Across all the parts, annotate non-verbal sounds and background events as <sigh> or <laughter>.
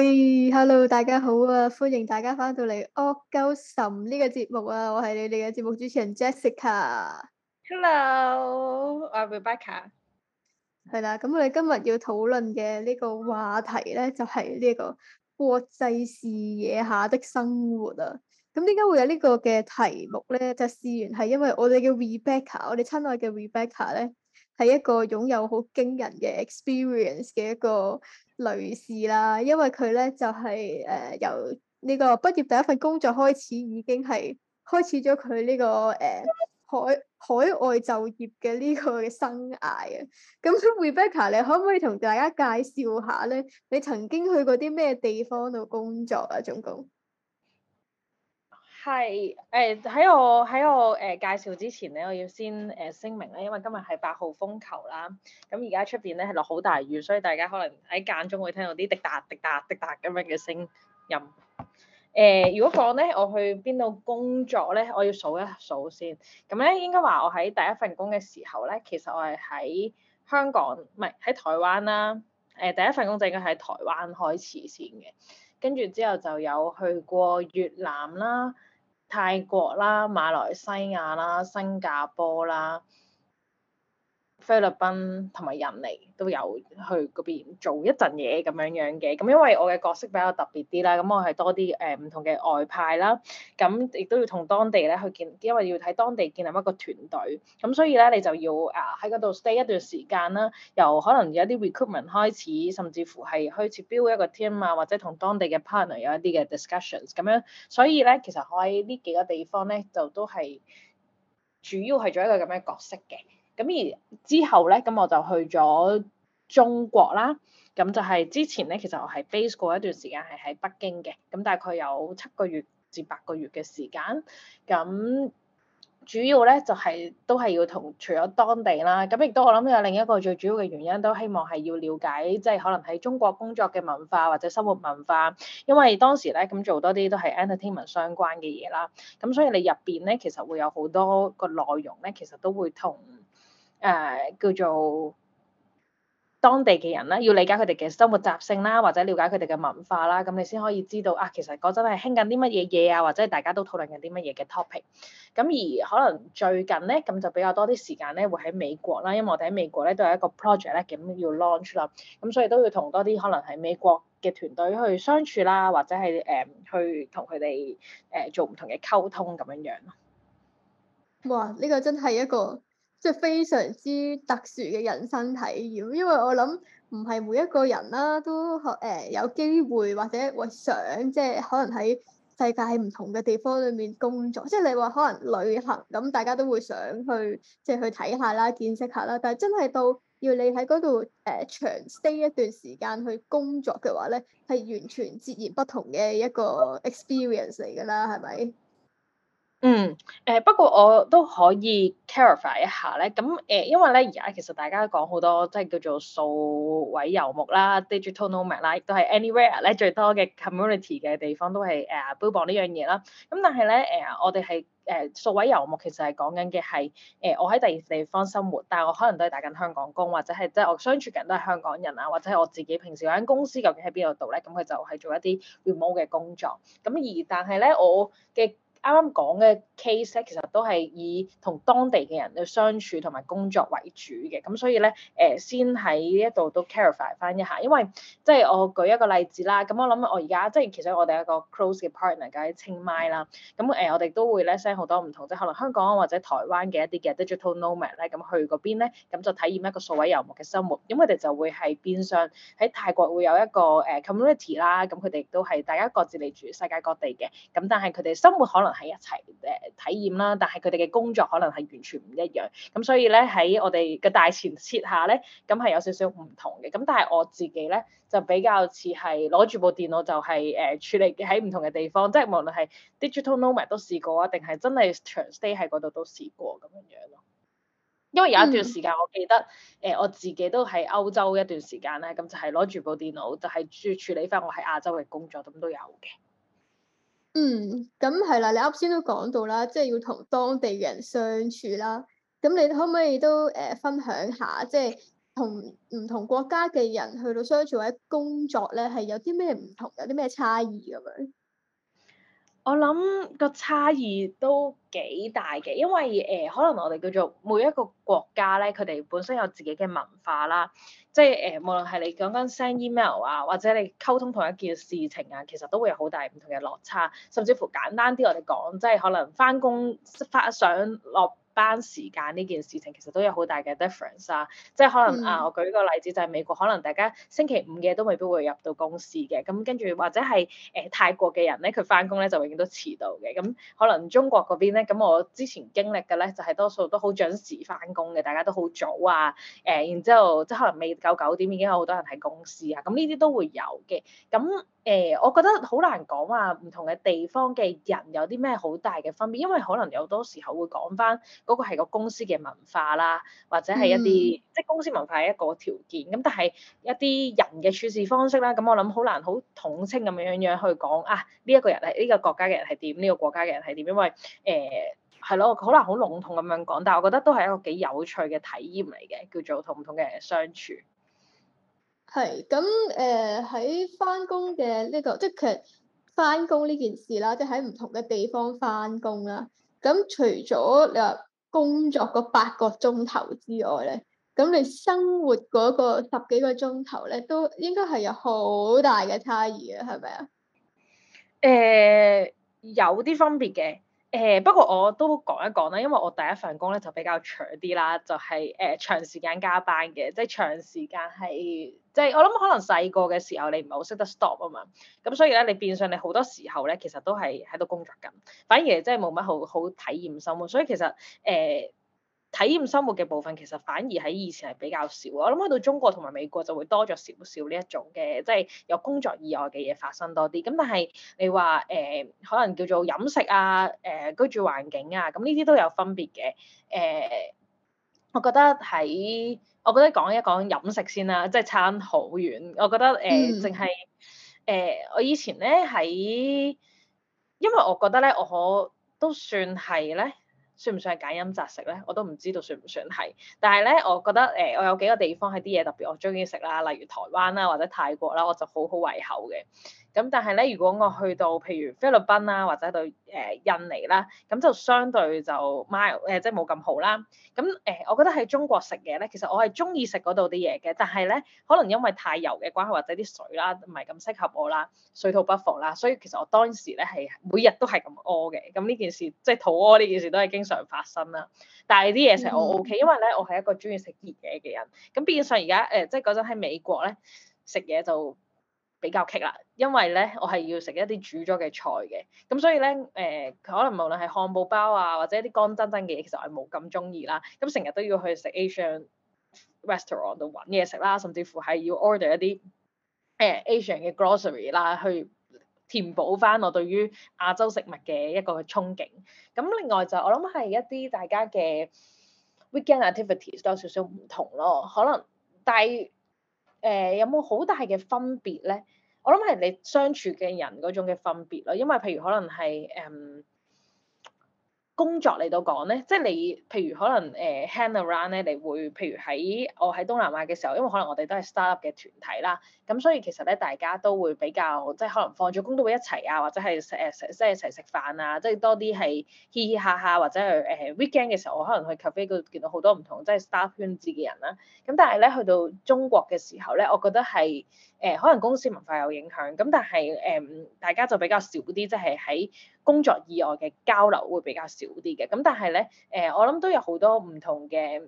Hey, hello, 大家好啊，歡迎大家翻到嚟《惡夠神》呢個節目啊，我係你哋嘅節目主持人 Jessica。Hello，我係 Rebecca。係啦，咁我哋今日要討論嘅呢個話題咧，就係呢一個國際視野下的生活啊。咁點解會有呢個嘅題目咧？就事源係因為我哋嘅 Rebecca，我哋親愛嘅 Rebecca 咧，係一個擁有好驚人嘅 experience 嘅一個。女士啦，因為佢咧就係、是、誒、呃、由呢個畢業第一份工作開始，已經係開始咗佢呢個誒、呃、海海外就業嘅呢個生涯啊。咁 <noise> Rebecca，、ah, 你可唔可以同大家介紹下咧？你曾經去過啲咩地方度工作啊？總共？係誒喺我喺我誒、呃、介紹之前咧，我要先誒、呃、聲明咧，因為今日係八號風球啦。咁而家出邊咧係落好大雨，所以大家可能喺間中會聽到啲滴答滴答滴答咁樣嘅聲音。誒、呃，如果講咧，我去邊度工作咧，我要數一數先。咁、啊、咧應該話我喺第一份工嘅時候咧，其實我係喺香港，唔係喺台灣啦。誒、呃、第一份工就應該喺台灣海始線嘅開始先，跟住之後就有去過越南啦。泰國啦、馬來西亞啦、新加坡啦。菲律賓同埋印尼都有去嗰邊做一陣嘢咁樣樣嘅，咁因為我嘅角色比較特別啲啦，咁我係多啲誒唔同嘅外派啦，咁亦都要同當地咧去建，因為要喺當地建立一個團隊，咁所以咧你就要啊喺嗰度 stay 一段時間啦，由可能有一啲 recruitment 開始，甚至乎係去 build 一個 team 啊，或者同當地嘅 partner 有一啲嘅 discussions 咁樣，所以咧其實我喺呢幾個地方咧就都係主要係做一個咁樣角色嘅。咁而之後咧，咁我就去咗中國啦。咁就係之前咧，其實我係 base 過一段時間係喺北京嘅，咁大概有七個月至八個月嘅時間。咁主要咧就係、是、都係要同除咗當地啦，咁亦都我諗有另一個最主要嘅原因，都希望係要了解即係、就是、可能喺中國工作嘅文化或者生活文化。因為當時咧咁做多啲都係 entertainment 相關嘅嘢啦，咁所以你入邊咧其實會有好多個內容咧，其實都會同。誒、呃、叫做當地嘅人啦，要理解佢哋嘅生活習性啦，或者了解佢哋嘅文化啦，咁你先可以知道啊，其實嗰陣係興緊啲乜嘢嘢啊，或者大家都討論緊啲乜嘢嘅 topic。咁、嗯、而可能最近咧，咁就比較多啲時間咧，會喺美國啦，因為我哋喺美國咧都有一個 project 咧，咁要 launch 啦，咁所以都要同多啲可能喺美國嘅團隊去相處啦，或者係誒、嗯、去、呃、同佢哋誒做唔同嘅溝通咁樣樣咯。哇！呢、呢個真係一個～即係非常之特殊嘅人生體驗，因為我諗唔係每一個人啦、啊，都學、欸、有機會或者會想即係可能喺世界唔同嘅地方裏面工作。即係你話可能旅行咁，大家都會想去即係去睇下啦、見識下啦。但係真係到要你喺嗰度誒長 stay 一段時間去工作嘅話咧，係完全截然不同嘅一個 experience 嚟㗎啦，係咪？嗯，誒、欸、不過我都可以 clarify 一下咧，咁誒、欸，因為咧而家其實大家講好多即係叫做數位遊牧啦、digital nomad 啦，亦都係 anywhere 咧最多嘅 community 嘅地方都係誒標榜呢樣嘢啦。咁但係咧誒，我哋係誒數位遊牧其實係講緊嘅係誒我喺第二地方生活，但係我可能都係打緊香港工，或者係即係我相處緊都係香港人啊，或者係我自己平時嗰間公司究竟喺邊度度咧，咁佢就係做一啲 remote 嘅工作。咁而但係咧我嘅啱啱講嘅 case 咧，其實都係以同當地嘅人去相處同埋工作為主嘅，咁所以咧，誒、呃、先喺呢一度都 clarify 翻一下，因為即係我舉一個例子啦，咁我諗我而家即係其實我哋有一個 close 嘅 partner 嘅清邁啦，咁誒我哋都會咧 send 好多唔同，即係可能香港或者台灣嘅一啲嘅 digital nomad 咧，咁去嗰邊咧，咁就體驗一個數位遊牧嘅生活，咁佢哋就會喺邊上喺泰國會有一個誒 community 啦，咁佢哋都係大家各自嚟住世界各地嘅，咁但係佢哋生活可能。喺一齊誒、呃、體驗啦，但係佢哋嘅工作可能係完全唔一樣，咁所以咧喺我哋嘅大前提下咧，咁係有少少唔同嘅。咁但係我自己咧就比較似係攞住部電腦就係、是、誒、呃、處理喺唔同嘅地方，即係無論係 digital nomad 都試過啊，定係真係長 stay 喺嗰度都試過咁樣樣咯。因為有一段時間我記得誒、嗯呃、我自己都喺歐洲一段時間咧，咁就係攞住部電腦就係處處理翻我喺亞洲嘅工作，咁都有嘅。嗯，咁係啦，你啱先都講到啦，即係要同當地嘅人相處啦。咁你可唔可以都誒、呃、分享下，即係同唔同國家嘅人去到相處或者工作咧，係有啲咩唔同，有啲咩差異咁樣？我諗個差異都幾大嘅，因為誒、呃、可能我哋叫做每一個國家咧，佢哋本身有自己嘅文化啦，即係誒、呃、無論係你講緊 send email 啊，或者你溝通同一件事情啊，其實都會有好大唔同嘅落差，甚至乎簡單啲我哋講，即係可能翻工翻上落班時間呢件事情其實都有好大嘅 difference 啊，即係可能、嗯、啊，我舉個例子就係、是、美國，可能大家星期五嘅都未必會入到公司嘅，咁跟住或者係誒、呃、泰國嘅人咧，佢翻工咧就永遠都遲到嘅，咁可能中國嗰邊咧，咁我之前經歷嘅咧就係、是、多數都好準時翻工嘅，大家都好早啊，誒、呃、然之後即係可能未到九點已經有好多人喺公司啊，咁呢啲都會有嘅，咁。誒、欸，我覺得好難講話唔同嘅地方嘅人有啲咩好大嘅分別，因為可能有多時候會講翻嗰個係個公司嘅文化啦，或者係一啲、嗯、即係公司文化係一個條件。咁但係一啲人嘅處事方式啦，咁我諗好難好統稱咁樣樣去講啊。呢、這、一個人係呢、這個國家嘅人係點？呢、這個國家嘅人係點？因為誒係咯，好難好籠統咁樣講。但係我覺得都係一個幾有趣嘅體驗嚟嘅，叫做同唔同嘅人相處。係咁，誒，喺翻工嘅呢個，即係其實翻工呢件事啦，即係喺唔同嘅地方翻工啦。咁除咗你話工作嗰八個鐘頭之外咧，咁你生活嗰個十幾個鐘頭咧，都應該係有好大嘅差異嘅，係咪啊？誒、呃，有啲分別嘅。誒、呃、不過我都講一講啦，因為我第一份工咧就比較長啲啦，就係、是、誒、呃、長時間加班嘅，即係長時間係即係我諗可能細個嘅時候你唔係好識得 stop 啊嘛，咁所以咧你變相你好多時候咧其實都係喺度工作緊，反而真係冇乜好好體驗生活，所以其實誒。呃體驗生活嘅部分其實反而喺以前係比較少，我諗去到中國同埋美國就會多咗少少呢一種嘅，即係有工作以外嘅嘢發生多啲。咁但係你話誒、呃，可能叫做飲食啊、誒、呃、居住環境啊，咁呢啲都有分別嘅。誒、呃，我覺得喺我覺得講一講飲食先啦，即係差好遠。我覺得誒，淨係誒，我以前咧喺，因為我覺得咧，我都算係咧。算唔算係揀飲擇食咧？我都唔知道算唔算係，但係咧，我覺得誒、呃，我有幾個地方係啲嘢特別我中意食啦，例如台灣啦或者泰國啦，我就好好胃口嘅。咁但係咧，如果我去到譬如菲律賓啦、啊，或者到誒、呃、印尼啦、啊，咁就相對就 mild 誒，即係冇咁好啦。咁誒、呃，我覺得喺中國食嘢咧，其實我係中意食嗰度啲嘢嘅，但係咧，可能因為太油嘅關係或者啲水啦，唔係咁適合我啦，水土不服啦，所以其實我當時咧係每日都係咁屙嘅。咁呢件事即係肚屙呢件事都係經常發生啦。但係啲嘢食我 OK，mm hmm. 因為咧我係一個中意食熱嘢嘅人。咁變相而家誒，即係嗰陣喺美國咧食嘢就比較棘啦，因為咧我係要食一啲煮咗嘅菜嘅，咁所以咧誒、呃、可能無論係漢堡包啊或者一啲乾爭爭嘅嘢，其實我係冇咁中意啦。咁成日都要去食 Asian restaurant 度揾嘢食啦，甚至乎係要 order 一啲誒 Asian、呃、嘅 grocery 啦，去填補翻我對於亞洲食物嘅一個嘅憧憬。咁另外就我諗係一啲大家嘅 weekend activities 都有少少唔同咯，可能但係。誒、呃、有冇好大嘅分別咧？我諗係你相處嘅人嗰種嘅分別咯，因為譬如可能係誒。嗯工作嚟到講咧，即係你譬如可能誒、uh, hand around 咧，你會譬如喺我喺東南亞嘅時候，因為可能我哋都係 startup 嘅團體啦，咁所以其實咧大家都會比較即係可能放咗工都會一齊啊，或者係誒、uh, 即係一齊食飯啊，即係多啲係嘻嘻哈哈或者係誒、uh, weekend 嘅時候，我可能去 cafe 嗰度見到好多唔同即係 startup 圈子嘅人啦、啊。咁但係咧去到中國嘅時候咧，我覺得係。誒、呃、可能公司文化有影響，咁但係誒、呃、大家就比較少啲，即係喺工作以外嘅交流會比較少啲嘅。咁但係咧，誒、呃、我諗都有好多唔同嘅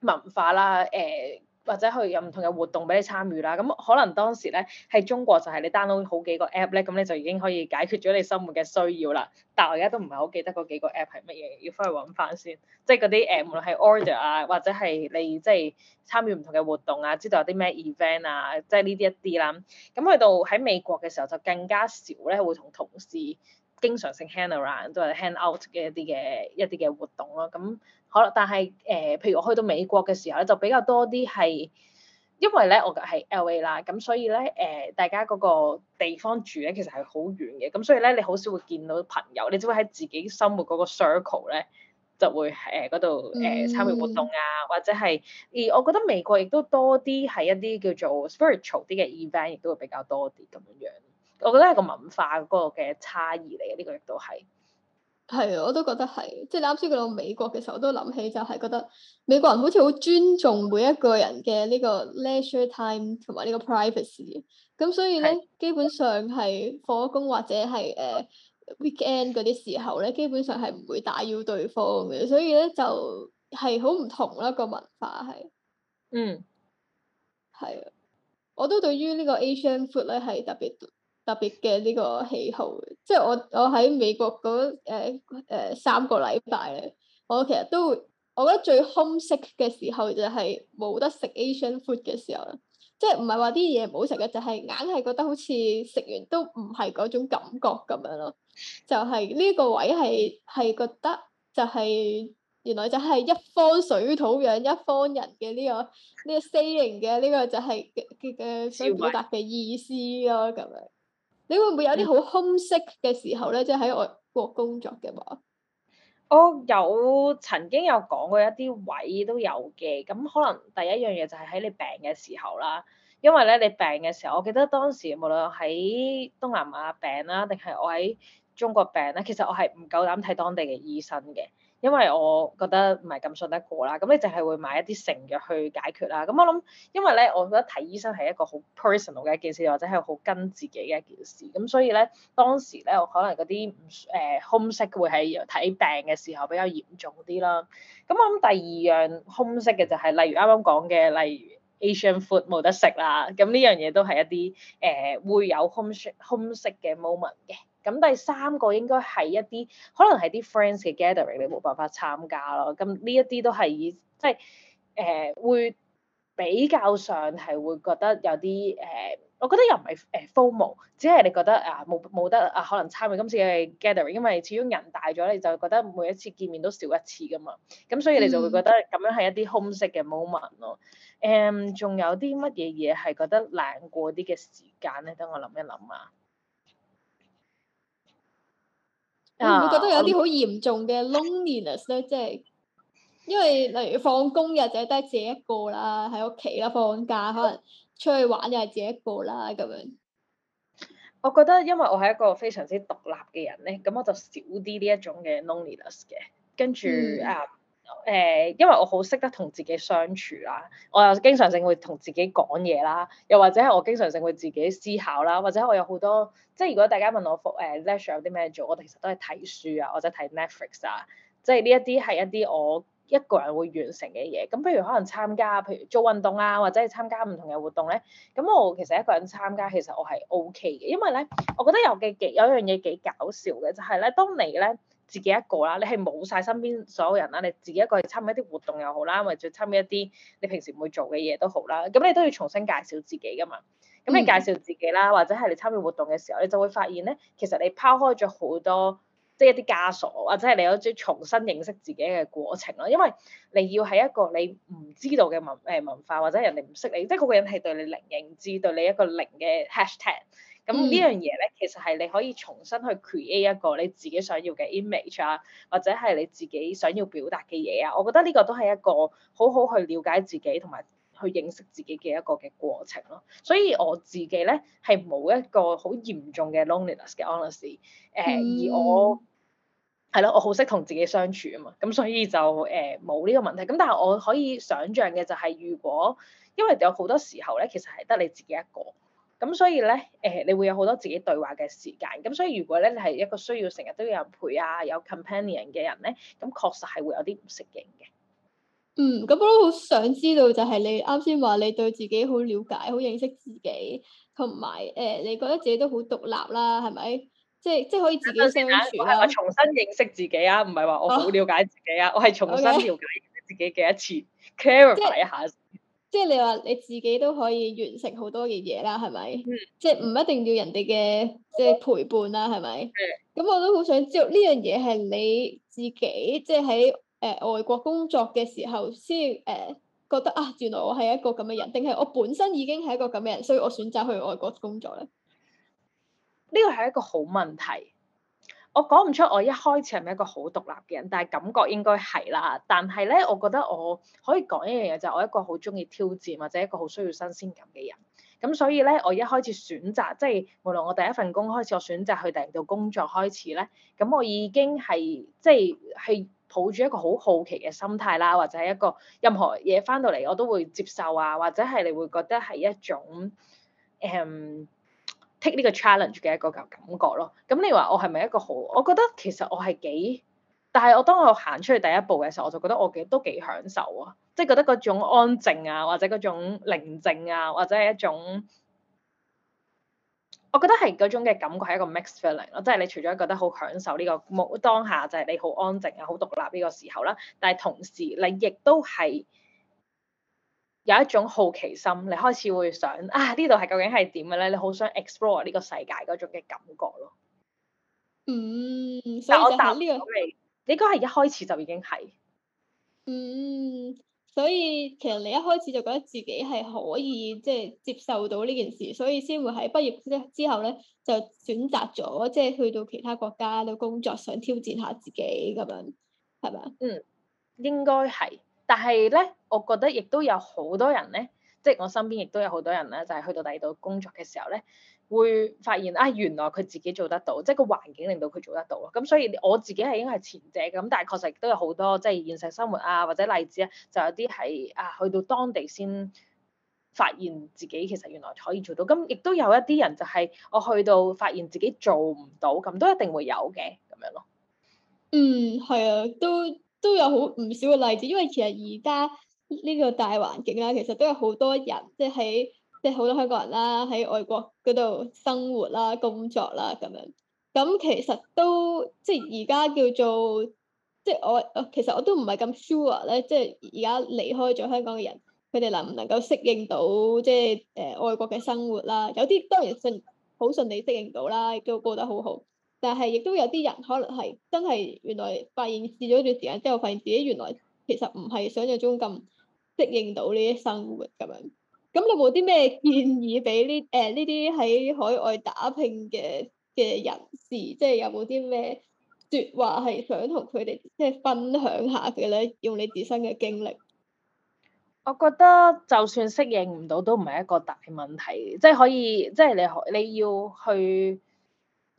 文化啦，誒、呃。或者去有唔同嘅活動俾你參與啦，咁可能當時咧喺中國就係你 download 好幾個 app 咧，咁你就已經可以解決咗你生活嘅需要啦。但係我而家都唔係好記得嗰幾個 app 係乜嘢，要翻去揾翻先。即係嗰啲誒，無論係 order 啊，或者係你即係參與唔同嘅活動啊，知道有啲咩 event 啊，即係呢啲一啲啦。咁去到喺美國嘅時候就更加少咧，會同同事。經常性 hand around 都係 hand out 嘅一啲嘅一啲嘅活動咯，咁好啦。但係誒、呃，譬如我去到美國嘅時候咧，就比較多啲係，因為咧我係 LA 啦，咁所以咧誒、呃，大家嗰個地方住咧其實係好遠嘅，咁所以咧你好少會見到朋友，你只會喺自己生活嗰個 circle 咧就會誒嗰度誒參與活動啊，嗯、或者係而我覺得美國亦都多啲係一啲叫做 spiritual 啲嘅 event，亦都會比較多啲咁樣。我覺得係個文化嗰個嘅差異嚟嘅，呢個亦都係。係，我都覺得係。即係啱先講到美國嘅時候，我都諗起就係覺得美國人好似好尊重每一個人嘅呢個 leisure time 同埋呢個 privacy。咁所以咧的、呃，基本上係放咗工或者係誒 weekend 嗰啲時候咧，基本上係唔會打擾對方嘅。所以咧就係好唔同啦，個文化係。嗯。係啊，我都對於個呢個 Asian food 咧係特別特別嘅呢個喜好，即係我我喺美國嗰誒、呃呃、三個禮拜咧，我其實都我覺得最 homesick 嘅時候就係冇得食 Asian food 嘅時候，即係唔係話啲嘢唔好食嘅，就係硬係覺得好似食完都唔係嗰種感覺咁樣咯，就係、係、呢個位係係覺得就係、係、原來就係一方水土養一方人嘅呢、呢個呢、呢個 saying 嘅呢、呢個就係佢嘅想表達嘅意思咯咁樣。你會唔會有啲好空隙嘅時候咧？即係喺外國工作嘅話，我有曾經有講過一啲位都有嘅。咁可能第一樣嘢就係喺你病嘅時候啦，因為咧你病嘅時候，我記得當時無論喺東南亞病啦，定係我喺中國病咧，其實我係唔夠膽睇當地嘅醫生嘅。因為我覺得唔係咁信得過啦，咁你就係會買一啲成藥去解決啦。咁我諗，因為咧，我覺得睇醫生係一個好 personal 嘅一件事，或者係好跟自己嘅一件事。咁所以咧，當時咧，我可能嗰啲唔誒 homesick 會喺睇病嘅時候比較嚴重啲啦。咁我諗第二樣 homesick 嘅就係、是，例如啱啱講嘅，例如 Asian food 冇得食啦。咁呢樣嘢都係一啲誒、呃、會有 homesick homesick 嘅 moment 嘅。咁第三個應該係一啲，可能係啲 friends 嘅 gathering 你冇辦法參加咯。咁呢一啲都係以即係，誒、呃、會比較上係會覺得有啲誒、呃，我覺得又唔係誒、呃、FOMO，只係你覺得啊冇冇得啊可能參與今次嘅 gathering，因為始終人大咗你就覺得每一次見面都少一次噶嘛。咁所以你就會覺得咁樣係一啲 homesick 嘅 moment 咯。誒、嗯、仲有啲乜嘢嘢係覺得難過啲嘅時間咧？等我諗一諗啊。啊、會唔會覺得有啲好嚴重嘅 loneliness 咧？即係因為例如放工日就係得自己一個啦，喺屋企啦；放假可能出去玩又係自己一個啦，咁樣。我覺得因為我係一個非常之獨立嘅人咧，咁我就少啲呢一種嘅 loneliness 嘅，跟住啊。嗯誒，因為我好識得同自己相處啦，我又經常性會同自己講嘢啦，又或者係我經常性會自己思考啦，或者我有好多，即係如果大家問我誒，latch 有啲咩做，我哋其實都係睇書啊，或者睇 Netflix 啊，即係呢一啲係一啲我一個人會完成嘅嘢。咁譬如可能參加，譬如做運動啊，或者係參加唔同嘅活動咧，咁我其實一個人參加其實我係 OK 嘅，因為咧，我覺得有嘅幾有樣嘢幾搞笑嘅就係咧，當你咧。自己一個啦，你係冇晒身邊所有人啦，你自己一個去參與一啲活動又好啦，或者參與一啲你平時唔會做嘅嘢都好啦，咁你都要重新介紹自己噶嘛。咁你介紹自己啦，嗯、或者係你參與活動嘅時候，你就會發現咧，其實你拋開咗好多，即係一啲枷鎖，或者係你有隻重新認識自己嘅過程咯。因為你要係一個你唔知道嘅文誒文化，或者人哋唔識你，即係嗰個人係對你零認知，對你一個零嘅 hashtag。咁、嗯、呢樣嘢咧，其實係你可以重新去 create 一個你自己想要嘅 image 啊，或者係你自己想要表達嘅嘢啊。我覺得呢個都係一個好好去了解自己同埋去認識自己嘅一個嘅過程咯、啊。所以我自己咧係冇一個好嚴重嘅 loneliness 嘅 honesty，e 誒、呃嗯、而我係咯，我好識同自己相處啊嘛。咁所以就誒冇呢個問題。咁但係我可以想象嘅就係，如果因為有好多時候咧，其實係得你自己一個。咁所以咧，誒、呃、你會有好多自己對話嘅時間。咁所以如果咧，你係一個需要成日都有人陪啊，有 companion 嘅人咧，咁確實係會有啲唔適應嘅。嗯，咁我都好想知道就，就係你啱先話你對自己好了解，好認識自己，同埋誒你覺得自己都好獨立啦，係咪？即係即係可以自己 stand alone。我係重新認識自己啊，唔係話我好了解自己啊，哦、我係重新瞭解自己嘅一次 Okay.，clarify 一下。即係你話你自己都可以完成好多嘅嘢啦，係咪？即係唔一定要人哋嘅即係陪伴啦，係咪？咁、mm hmm. 我都好想知道呢樣嘢係你自己即係喺誒外國工作嘅時候先誒、呃、覺得啊，原來我係一個咁嘅人，定係我本身已經係一個咁嘅人，所以我選擇去外國工作咧？呢個係一個好問題。我講唔出我一開始係咪一個好獨立嘅人，但係感覺應該係啦。但係咧，我覺得我可以講一樣嘢就係、是、我一個好鍾意挑戰或者一個好需要新鮮感嘅人。咁所以咧，我一開始選擇即係無論我第一份工開始，我選擇去第二度工作開始咧，咁我已經係即係係抱住一個好好奇嘅心態啦，或者係一個任何嘢返到嚟我都會接受啊，或者係你會覺得係一種誒。嗯 Take 呢個 challenge 嘅一個感覺咯，咁你話我係咪一個好？我覺得其實我係幾，但係我當我行出去第一步嘅時候，我就覺得我嘅都幾享受啊，即係覺得嗰種安靜啊，或者嗰種寧靜啊，或者係一種，我覺得係嗰種嘅感覺係一個 mixed feeling 咯，即係你除咗覺得好享受呢、呢個冇當下就係你好安靜啊、好獨立呢個時候啦，但係同時你亦都係。有一種好奇心，你開始會想啊呢度係究竟係點嘅咧？你好想 explore 呢個世界嗰種嘅感覺咯。嗯，所以就係呢個，你應該係一開始就已經係。嗯，所以其實你一開始就覺得自己係可以即係、就是、接受到呢件事，所以先會喺畢業之之後咧就選擇咗即係去到其他國家度工作，想挑戰下自己咁樣，係咪？嗯，應該係。但係咧，我覺得亦都有好多人咧，即係我身邊亦都有好多人咧，就係、是、去到第二度工作嘅時候咧，會發現啊、哎，原來佢自己做得到，即係個環境令到佢做得到咯。咁所以我自己係應該係前者咁，但係確實都有好多即係現實生活啊，或者例子咧、啊，就有啲係啊，去到當地先發現自己其實原來可以做到。咁亦都有一啲人就係、是、我去到發現自己做唔到，咁都一定會有嘅咁樣咯。嗯，係啊，都都有好唔少嘅例子，因為其實而家呢個大環境啦，其實都有好多人即係喺即係好多香港人啦，喺外國嗰度生活啦、工作啦咁樣。咁其實都即係而家叫做即係我，其實我都唔係咁 sure 咧，即係而家離開咗香港嘅人，佢哋能唔能夠適應到即係誒、呃、外國嘅生活啦？有啲當然順好順利適應到啦，亦都過得好好。但係亦都有啲人可能係真係原來發現試咗一段時間之後，發現自己原來其實唔係想像中咁適應到呢啲生活咁樣。咁你有冇啲咩建議俾呢？誒呢啲喺海外打拼嘅嘅人士，即係有冇啲咩説話係想同佢哋即係分享下嘅咧？用你自身嘅經歷，我覺得就算適應唔到都唔係一個大問題，即係可以，即係你你要去。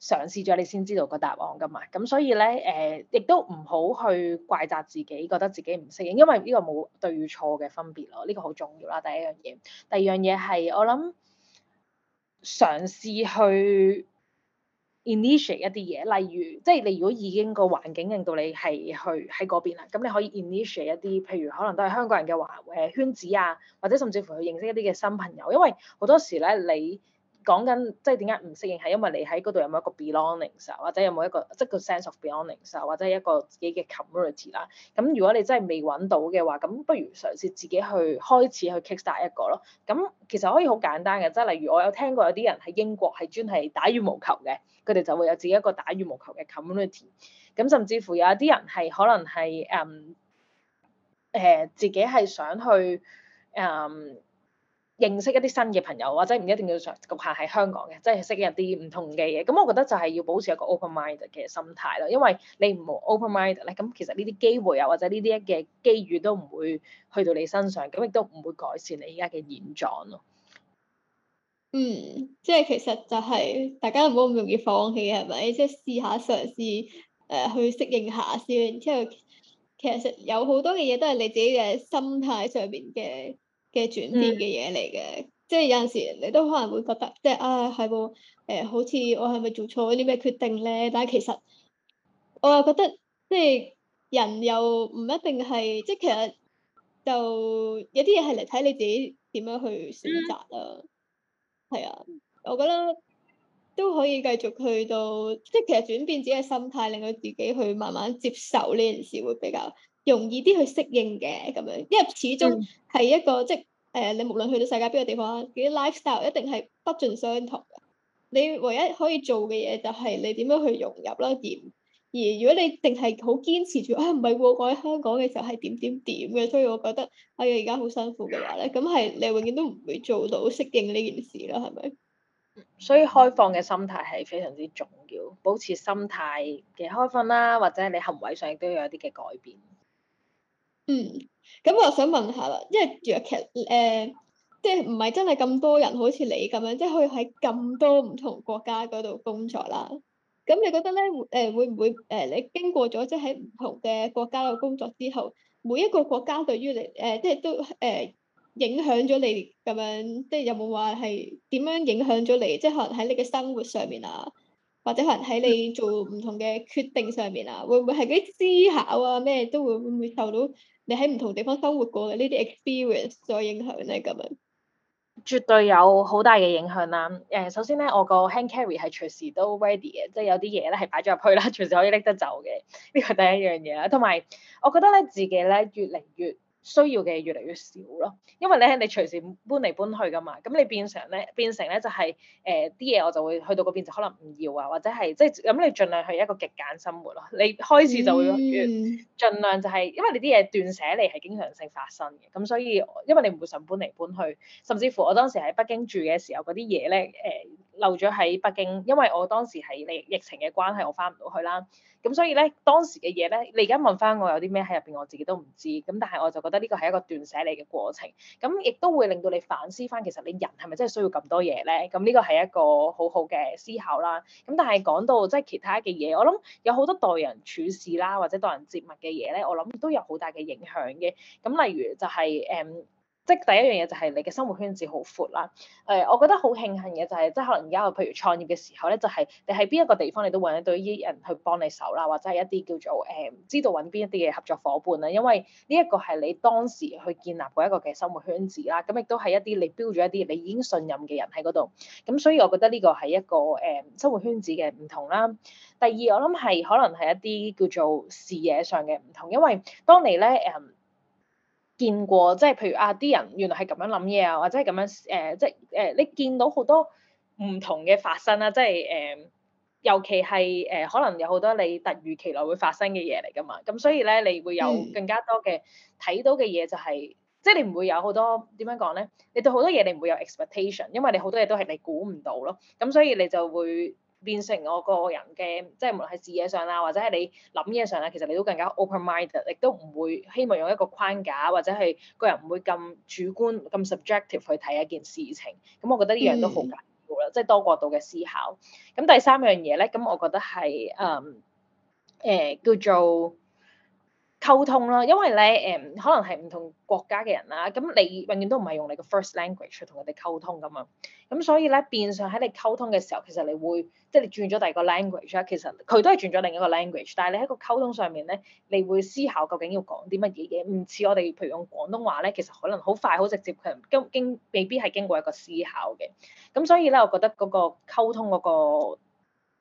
嘗試咗你先知道個答案㗎嘛，咁所以咧誒，亦、呃、都唔好去怪責自己，覺得自己唔適應，因為呢個冇對與錯嘅分別咯，呢、這個好重要啦，第一樣嘢。第二樣嘢係我諗，嘗試去 initiate 一啲嘢，例如即係你如果已經個環境令到你係去喺嗰邊啦，咁你可以 initiate 一啲，譬如可能都係香港人嘅華誒圈子啊，或者甚至乎去認識一啲嘅新朋友，因為好多時咧你。講緊即係點解唔適應係因為你喺嗰度有冇一個 belongings 或者有冇一個即係個 sense of belonging 或者係一個自己嘅 community 啦。咁如果你真係未揾到嘅話，咁不如嘗試自己去開始去 kickstart 一個咯。咁其實可以好簡單嘅，即係例如我有聽過有啲人喺英國係專係打羽毛球嘅，佢哋就會有自己一個打羽毛球嘅 community。咁甚至乎有一啲人係可能係誒誒自己係想去誒。嗯認識一啲新嘅朋友，或者唔一定要侷限喺香港嘅，即係識一啲唔同嘅嘢。咁我覺得就係要保持一個 open mind 嘅心態咯，因為你唔好 open mind 咧，咁其實呢啲機會啊，或者呢啲一嘅機遇都唔會去到你身上，咁亦都唔會改善你而家嘅現狀咯。嗯，即係其實就係、是、大家唔好咁容易放棄，係咪？即係試下嘗試誒去適應下先，之後其實有好多嘅嘢都係你自己嘅心態上邊嘅。嘅轉變嘅嘢嚟嘅，mm hmm. 即係有陣時你都可能會覺得，即係啊係喎，誒、啊呃、好似我係咪做錯咗啲咩決定咧？但係其實我又覺得，即係人又唔一定係，即係其實就有啲嘢係嚟睇你自己點樣去選擇啦、啊。係、mm hmm. 啊，我覺得都可以繼續去到，即係其實轉變自己嘅心態，令到自己去慢慢接受呢件事會比較容易啲去適應嘅咁樣，因為始終係一個、嗯、即係誒、呃，你無論去到世界邊個地方啊，啲 lifestyle 一定係不盡相同嘅。你唯一可以做嘅嘢就係你點樣去融入啦，點而如果你定係好堅持住啊，唔係、哎、我喺香港嘅時候係點點點嘅，所以我覺得我而家好辛苦嘅話咧，咁係你永遠都唔會做到適應呢件事啦，係咪？所以開放嘅心態係非常之重要，保持心態嘅開放啦，或者係你行為上亦都有一啲嘅改變。嗯，咁我想問下啦，因為其實誒，即係唔係真係咁多人好似你咁樣，即係可以喺咁多唔同國家嗰度工作啦。咁你覺得咧誒會唔會誒、呃，你經過咗即係喺唔同嘅國家嘅工作之後，每一個國家對於你誒、呃，即係都誒、呃、影響咗你咁樣，即係有冇話係點樣影響咗你？即係可能喺你嘅生活上面啊，或者可能喺你做唔同嘅決定上面啊，會唔會係啲思考啊咩都會會唔會受到？你喺唔同地方生活過嘅呢啲 experience 所影響咧咁樣，絕對有好大嘅影響啦。誒，首先咧，我個 hand carry 係隨時都 ready 嘅，即係有啲嘢咧係擺咗入去啦，隨時可以拎得走嘅。呢個第一樣嘢啦，同埋我覺得咧自己咧越嚟越需要嘅越嚟越少咯，因為咧你隨時搬嚟搬去噶嘛，咁你變成咧變成咧就係誒啲嘢我就會去到嗰邊就可能唔要啊，或者係即係咁你盡量去一個極簡生活咯，你開始就會越、嗯、盡量就係、是、因為你啲嘢斷捨離係經常性發生嘅，咁所以因為你唔會想搬嚟搬去，甚至乎我當時喺北京住嘅時候嗰啲嘢咧誒。留咗喺北京，因為我當時係疫疫情嘅關係，我翻唔到去啦。咁所以咧，當時嘅嘢咧，你而家問翻我有啲咩喺入邊，我自己都唔知。咁但係我就覺得呢個係一個斷捨離嘅過程，咁亦都會令到你反思翻，其實你人係咪真係需要咁多嘢咧？咁呢個係一個好好嘅思考啦。咁但係講到即係其他嘅嘢，我諗有好多待人處事啦，或者待人接物嘅嘢咧，我諗都有好大嘅影響嘅。咁例如就係、係、誒。嗯即係第一樣嘢，就係你嘅生活圈子好闊啦。誒、呃，我覺得好慶幸嘅就係、是，即係可能而家我譬如創業嘅時候咧，就係、是、你喺邊一個地方你都搵到一啲人去幫你手啦，或者係一啲叫做誒、呃，知道搵邊一啲嘅合作夥伴啦。因為呢一個係你當時去建立過一個嘅生活圈子啦，咁亦都係一啲你標咗一啲你已經信任嘅人喺嗰度。咁所以我覺得呢個係一個誒、呃、生活圈子嘅唔同啦。第二，我諗係可能係一啲叫做視野上嘅唔同，因為當你咧誒。呃見過即係譬如啊啲人原來係咁樣諗嘢啊，或者係咁樣誒、呃，即係誒、呃、你見到好多唔同嘅發生啦，即係誒、呃，尤其係誒、呃、可能有好多你突如其來會發生嘅嘢嚟㗎嘛，咁所以咧你會有更加多嘅睇到嘅嘢就係、是，即係你唔會有好多點樣講咧，你對好多嘢你唔會有 expectation，因為你好多嘢都係你估唔到咯，咁所以你就會。變成我個人嘅，即係無論喺視野上啦，或者係你諗嘢上啦，其實你都更加 open-minded，亦都唔會希望用一個框架，或者係個人唔會咁主觀咁 subjective 去睇一件事情。咁我覺得呢樣都好緊要啦，嗯、即係多角度嘅思考。咁第三樣嘢咧，咁我覺得係誒誒叫做。溝通啦，因為咧誒、嗯，可能係唔同國家嘅人啦，咁、嗯、你永遠都唔係用你嘅 first language 去同佢哋溝通噶嘛，咁、嗯、所以咧變相喺你溝通嘅時候，其實你會即係你轉咗第二個 language 啦。其實佢都係轉咗另一個 language，lang 但係你喺個溝通上面咧，你會思考究竟要講啲乜嘢嘢。唔似我哋譬如用廣東話咧，其實可能好快好直接，佢唔經未必係經過一個思考嘅，咁、嗯、所以咧，我覺得嗰個溝通嗰、嗰個。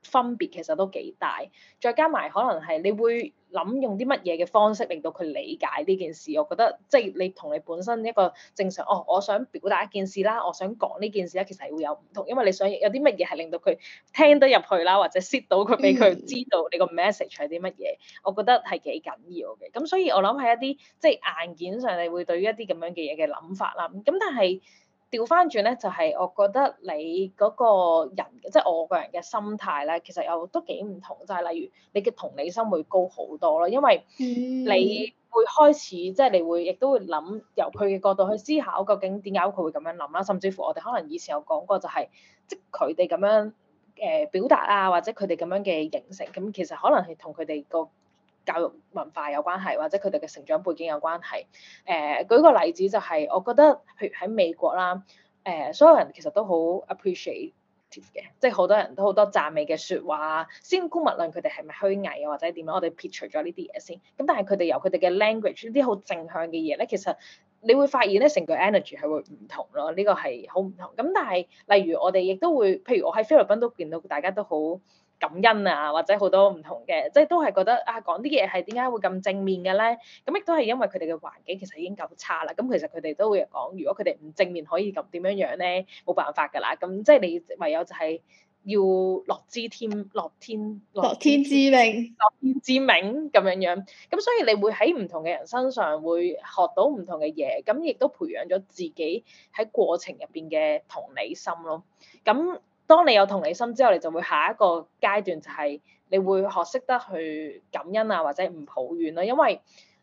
分別其實都幾大，再加埋可能係你會諗用啲乜嘢嘅方式令到佢理解呢件事，我覺得即係、就是、你同你本身一個正常哦，我想表達一件事啦，我想講呢件事咧，其實係會有唔同，因為你想有啲乜嘢係令到佢聽得入去啦，或者 set 到佢俾佢知道你個 message 係啲乜嘢，我覺得係幾緊要嘅。咁所以我諗係一啲即係硬件上你會對於一啲咁樣嘅嘢嘅諗法啦。咁但係，調翻轉咧，就係我覺得你嗰個人，即係我個人嘅心態咧，其實又都幾唔同。就係例如你嘅同理心會高好多咯，因為你會開始即係你會亦都會諗由佢嘅角度去思考究竟點解佢會咁樣諗啦。甚至乎我哋可能以前有講過，就係即係佢哋咁樣誒表達啊，或者佢哋咁樣嘅形成，咁其實可能係同佢哋個。教育文化有關係，或者佢哋嘅成長背景有關係。誒，舉個例子就係，我覺得譬如喺美國啦，誒，所有人其實都好 appreciative 嘅，即係好多人都好多讚美嘅説話。先姑勿論佢哋係咪虛偽啊，或者點樣，我哋撇除咗呢啲嘢先。咁但係佢哋由佢哋嘅 language 呢啲好正向嘅嘢咧，其實你會發現咧成個 energy 係會唔同咯，呢個係好唔同。咁但係例如我哋亦都會，譬如我喺菲律賓都見到大家都好感恩啊，或者好多唔同嘅，即係都係覺得啊，講啲嘢係點解會咁正面嘅咧？咁亦都係因為佢哋嘅環境其實已經夠差啦。咁其實佢哋都會講，如果佢哋唔正面可以咁點樣樣咧？冇辦法㗎啦。咁即係你唯有就係要樂知天，樂天，樂天知命，樂天知命咁樣樣，咁所以你會喺唔同嘅人身上會學到唔同嘅嘢，咁亦都培養咗自己喺過程入邊嘅同理心咯。咁當你有同理心之後，你就會下一個階段就係你會學識得去感恩啊，或者唔抱怨啦啊。因為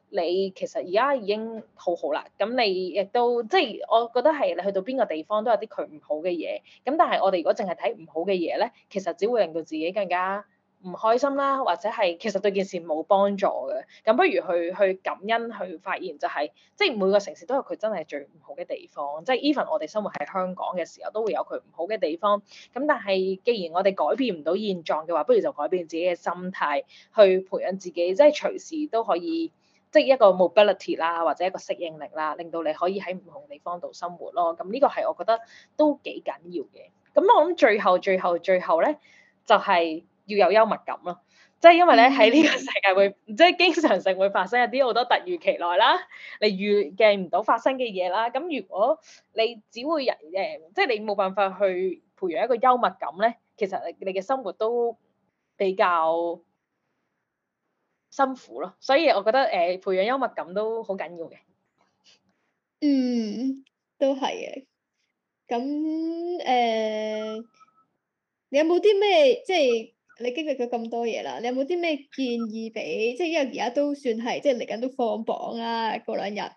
你其實而家已經好好啦，咁你亦都即係我覺得係你去到邊個地方都有啲佢唔好嘅嘢，咁但係我哋如果淨係睇唔好嘅嘢咧，其實只會令到自己更加唔開心啦，或者係其實對件事冇幫助嘅，咁不如去去感恩，去發現就係，即係每個城市都有佢真係最唔好嘅地方，即係 even 我哋生活喺香港嘅時候都會有佢唔好嘅地方，咁但係既然我哋改變唔到現狀嘅話，不如就改變自己嘅心態，去培養自己，即係隨時都可以，即係一個 mobility 啦，或者一個適應力啦，令到你可以喺唔同地方度生活咯，咁呢個係我覺得都幾緊要嘅，咁我諗最後最後最後咧就係，要有幽默感咯、啊，即係因為咧喺呢、mm hmm。個世界會，即係經常性會發生一啲好多突如其來啦，你預計唔到發生嘅嘢啦。咁如果你只會人誒，即係你冇辦法去培養一個幽默感咧，其實你你嘅生活都比較辛苦咯。所以我覺得誒、呃，培養幽默感都好緊要嘅。嗯，都係嘅。咁誒、呃，你有冇啲咩即係？就是你經歷咗咁多嘢啦，你有冇啲咩建議俾？即係因為而家都算係即係嚟緊都放榜啦，過兩日，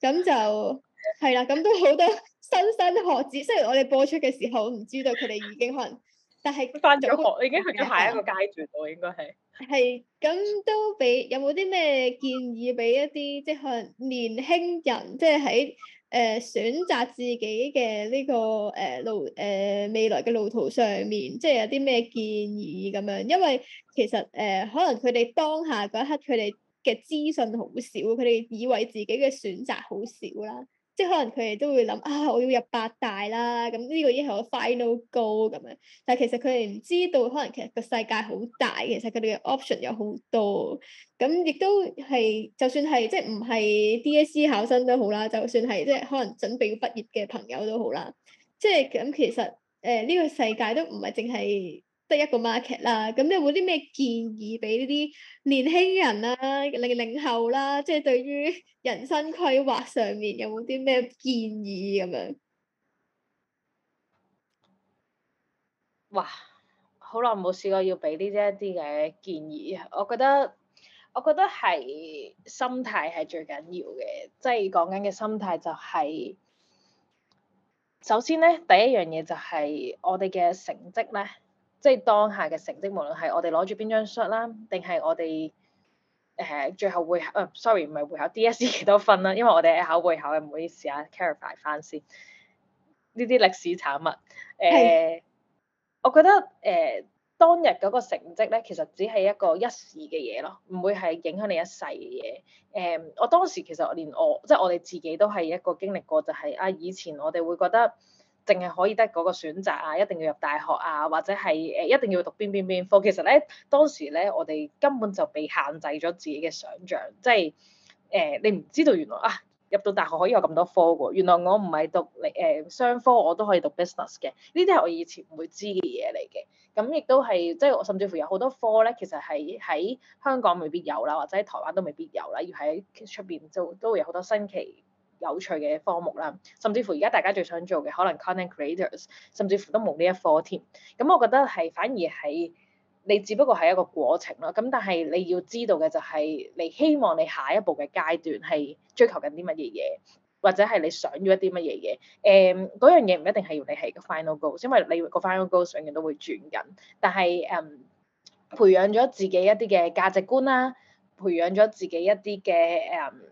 咁就係啦，咁都好多莘莘學子。雖然我哋播出嘅時候唔知道佢哋已經可能，但係返咗學已經去咗下一個階段咯，應該係。係，咁都俾有冇啲咩建議俾一啲即係可能年輕人，即係喺。誒、呃、選擇自己嘅呢個誒路誒未來嘅路途上面，即係有啲咩建議咁樣？因為其實誒、呃，可能佢哋當下嗰一刻，佢哋嘅資訊好少，佢哋以為自己嘅選擇好少啦。即係可能佢哋都會諗啊，我要入八大啦，咁呢個已經係我 final goal 咁樣。但係其實佢哋唔知道，可能其實個世界好大，其實佢哋嘅 option 有好多。咁亦都係，就算係即係唔係 DSE 考生都好啦，就算係即係可能準備要畢業嘅朋友都好啦。即係咁，其實誒呢、呃呢個世界都唔係淨係，即係一個 market 啦，咁你有冇啲咩建議俾呢啲年輕人啦、啊、零零後啦、啊？即係對於人生規劃上面有冇啲咩建議咁樣？哇！好耐冇試過要俾呢啲一啲嘅建議啊！議我覺得我覺得係心態係最緊要嘅，即係講緊嘅心態就係、是、首先咧，第一樣嘢就係我哋嘅成績咧。即係當下嘅成績，無論係我哋攞住邊張書啦，定係我哋誒、呃、最後會考、呃、sorry 唔係會考 DSE 幾多分啦、啊，因為我哋考會考嘅，唔可以試下 clarify 翻先。呢啲歷史產物，誒、呃，是我覺得誒、呃、當日嗰個成績咧，其實只係一個一時嘅嘢咯，唔會係影響你一世嘅嘢。誒、呃，我當時其實連我即係我哋自己都係一個經歷過、就是，就係啊，以前我哋會覺得。淨係可以得嗰個選擇啊！一定要入大學啊，或者係誒一定要讀邊邊邊科。其實咧，當時咧，我哋根本就被限制咗自己嘅想像，即係誒、呃、你唔知道原來啊，入到大學可以有咁多科㗎。原來我唔係讀誒、呃、雙科，我都可以讀 business 嘅。呢啲係我以前唔會知嘅嘢嚟嘅。咁亦都係即係甚至乎有好多科咧，其實係喺香港未必有啦，或者喺台灣都未必有啦，要喺出邊就都會有好多新奇。有趣嘅科目啦，甚至乎而家大家最想做嘅可能 content creators，甚至乎都冇呢一科添。咁、嗯、我覺得係反而係你只不過係一個過程咯。咁、嗯、但係你要知道嘅就係、是、你希望你下一步嘅階段係追求緊啲乜嘢嘢，或者係你想要一啲乜嘢嘢。誒、嗯，嗰樣嘢唔一定係要你係個 final goals。因為你個 final goals 永遠都會轉緊，但係誒、嗯，培養咗自己一啲嘅價值觀啦，培養咗自己一啲嘅誒。嗯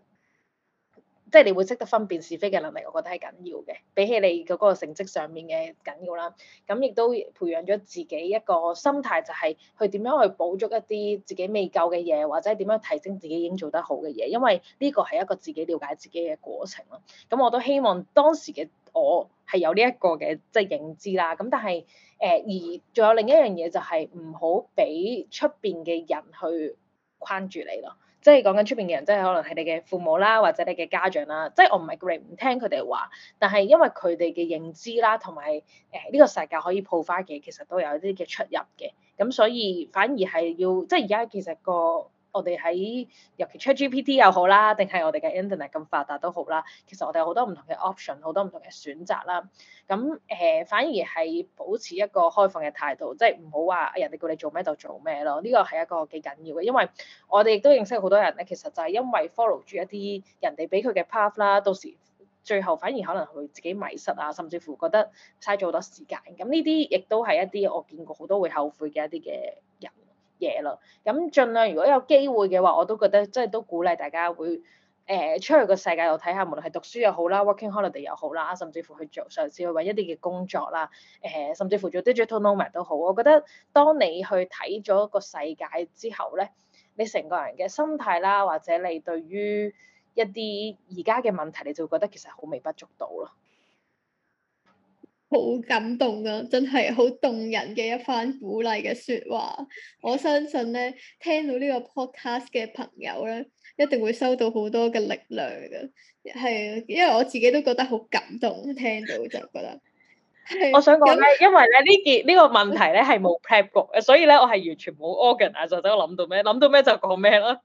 即係你會識得分辨是非嘅能力，我覺得係緊要嘅，比起你嘅嗰個成績上面嘅緊要啦。咁亦都培養咗自己一個心態、就係，就係去點樣去補足一啲自己未夠嘅嘢，或者點樣提升自己已經做得好嘅嘢。因為呢個係一個自己了解自己嘅過程咯。咁我都希望當時嘅我係有呢一個嘅即係認知啦。咁但係誒、呃，而仲有另一樣嘢就係、係、唔好俾出邊嘅人去框住你咯。即係講緊出邊嘅人，即係可能係你嘅父母啦，或者你嘅家長啦。即係我唔係 great 唔聽佢哋話，但係因為佢哋嘅認知啦，同埋誒呢個世界可以抱翻嘅，其實都有一啲嘅出入嘅。咁所以反而係要，即係而家其實個。我哋喺尤其 ChatGPT 又好啦，定係我哋嘅 Internet 咁發達都好啦，其實我哋有好多唔同嘅 option，好多唔同嘅選擇啦。咁誒、呃，反而係保持一個開放嘅態度，即係唔好話人哋叫你做咩就做咩咯。呢、呢個係一個幾緊要嘅，因為我哋亦都認識好多人咧，其實就係因為 follow 住一啲人哋俾佢嘅 path 啦，到時最後反而可能會自己迷失啊，甚至乎覺得嘥咗好多時間。咁呢啲亦都係一啲我見過好多會後悔嘅一啲嘅人。嘢啦，咁儘量如果有機會嘅話，我都覺得即係都鼓勵大家會誒、呃、出去個世界度睇下，無論係讀書又好啦，working holiday 又好啦，甚至乎去做嘗試去揾一啲嘅工作啦，誒、呃，甚至乎做 digital nomad 都好。我覺得當你去睇咗個世界之後咧，你成個人嘅心態啦，或者你對於一啲而家嘅問題，你就會覺得其實好微不足道咯。好感動啊！真係好動人嘅一番鼓勵嘅說話，我相信咧聽到呢個 podcast 嘅朋友咧，一定會收到好多嘅力量噶。係啊，因為我自己都覺得好感動，聽到就覺得。 <laughs> 我想講咧，因為咧呢件呢、 <laughs> 這個這個問題咧係冇 prep 過，所以咧我係完全冇 organize 就等我諗到咩諗到咩就講咩咯。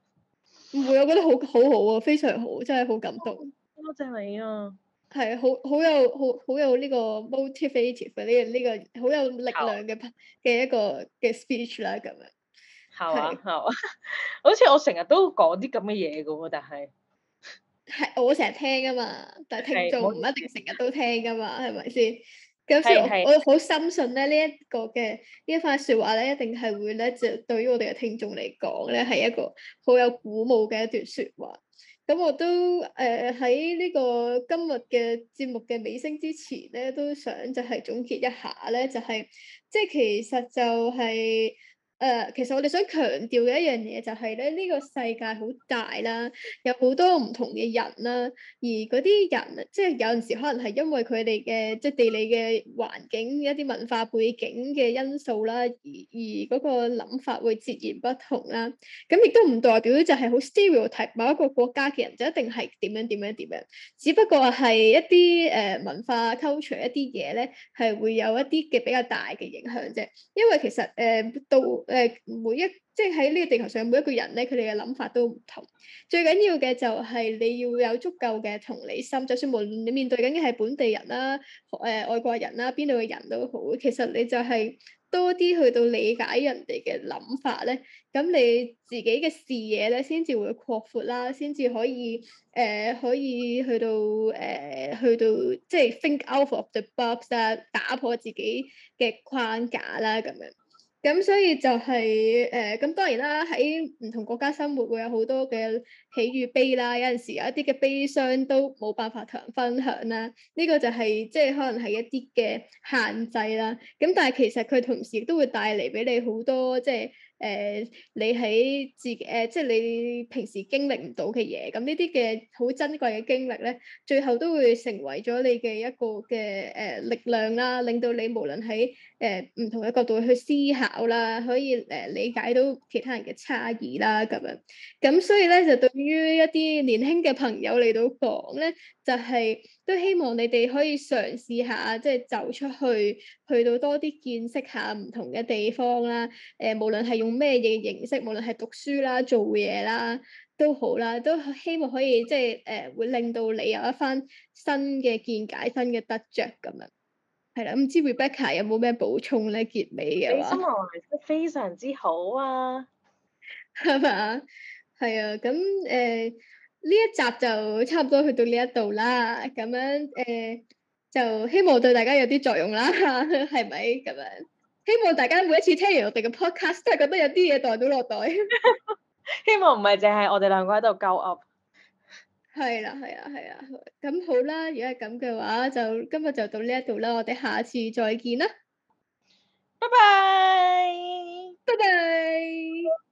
唔會我覺得好好好啊，非常好，真係好感動。多、哦、謝,謝你啊！係好好有好好有呢個 motivated 嘅呢個呢個好有力量嘅嘅一個嘅 speech 啦咁好樣，係嘛好似，啊，係我成日都講啲咁嘅嘢嘅，但係係我成日聽㗎嘛，但係聽眾唔一定成日都聽噶嘛，係咪先？咁所以我好深信咧呢一個嘅呢一番説話咧，一定係會咧就對於我哋嘅聽眾嚟講咧係一個好有鼓舞嘅一段説話。咁我都誒喺呢個今日嘅節目嘅尾聲之前咧，都想就係總結一下咧，就係即係其實就係。誒、呃，其實我哋想強調嘅一樣嘢就係咧，呢、這個世界好大啦，有好多唔同嘅人啦，而嗰啲人即係有陣時可能係因為佢哋嘅即係地理嘅環境一啲文化背景嘅因素啦，而而嗰個諗法會截然不同啦。咁、嗯、亦都唔代表就係好 stereotype 某一個國家嘅人就一定係點樣點樣點樣。只不過係一啲誒、呃、文化偷取一啲嘢咧，係會有一啲嘅比較大嘅影響啫。因為其實誒、呃、到。誒、每一即係喺呢個地球上每一個人咧，佢哋嘅諗法都唔同。最緊要嘅就係你要有足夠嘅同理心，就算無論你面對緊嘅係本地人啦、啊、誒、呃、外國人啦、啊、邊度嘅人都好，其實你就係多啲去到理解人哋嘅諗法咧，咁你自己嘅視野咧先至會擴闊啦，先至可以誒、呃、可以去到誒、呃、去到即係 think out of the box 啊，打破自己嘅框架啦咁樣。咁所以就係誒，咁當然啦，喺唔同國家生活會有好多嘅喜與悲啦，有陣時有一啲嘅悲傷都冇辦法同人分享啦，呢個就係即係可能係一啲嘅限制啦。咁但係其實佢同時都會帶嚟俾你好多即係。誒、呃，你喺自己誒、呃，即係你平時經歷唔到嘅嘢，咁呢啲嘅好珍貴嘅經歷咧，最後都會成為咗你嘅一個嘅誒、呃、力量啦，令到你無論喺誒唔同嘅角度去思考啦，可以誒、呃、理解到其他人嘅差異啦，咁樣。咁所以咧，就對於一啲年輕嘅朋友嚟到講咧。就係、是、都希望你哋可以嘗試下，即係走出去，去到多啲見識下唔同嘅地方啦。誒、呃，無論係用咩嘢嘅形式，無論係讀書啦、做嘢啦都好啦，都希望可以即係誒，會令到你有一番新嘅見解、新嘅得着。咁樣。係啦，唔知 Rebecca、ah、有冇咩補充咧？結尾嘅話，你心態都非常之好啊，係嘛？係啊，咁誒。呃呢一集就差唔多去到呢一度啦，咁樣誒、呃、就希望對大家有啲作用啦，係咪咁樣？希望大家每一次聽完我哋嘅 podcast 都係覺得有啲嘢袋到落袋。 <laughs> 希望唔係淨係我哋兩個喺度鳩噏。係 <laughs> 啦，係啊，係啊，咁好啦，如果係咁嘅話，就今日就到呢一度啦，我哋下次再見啦，拜拜 bye，拜拜。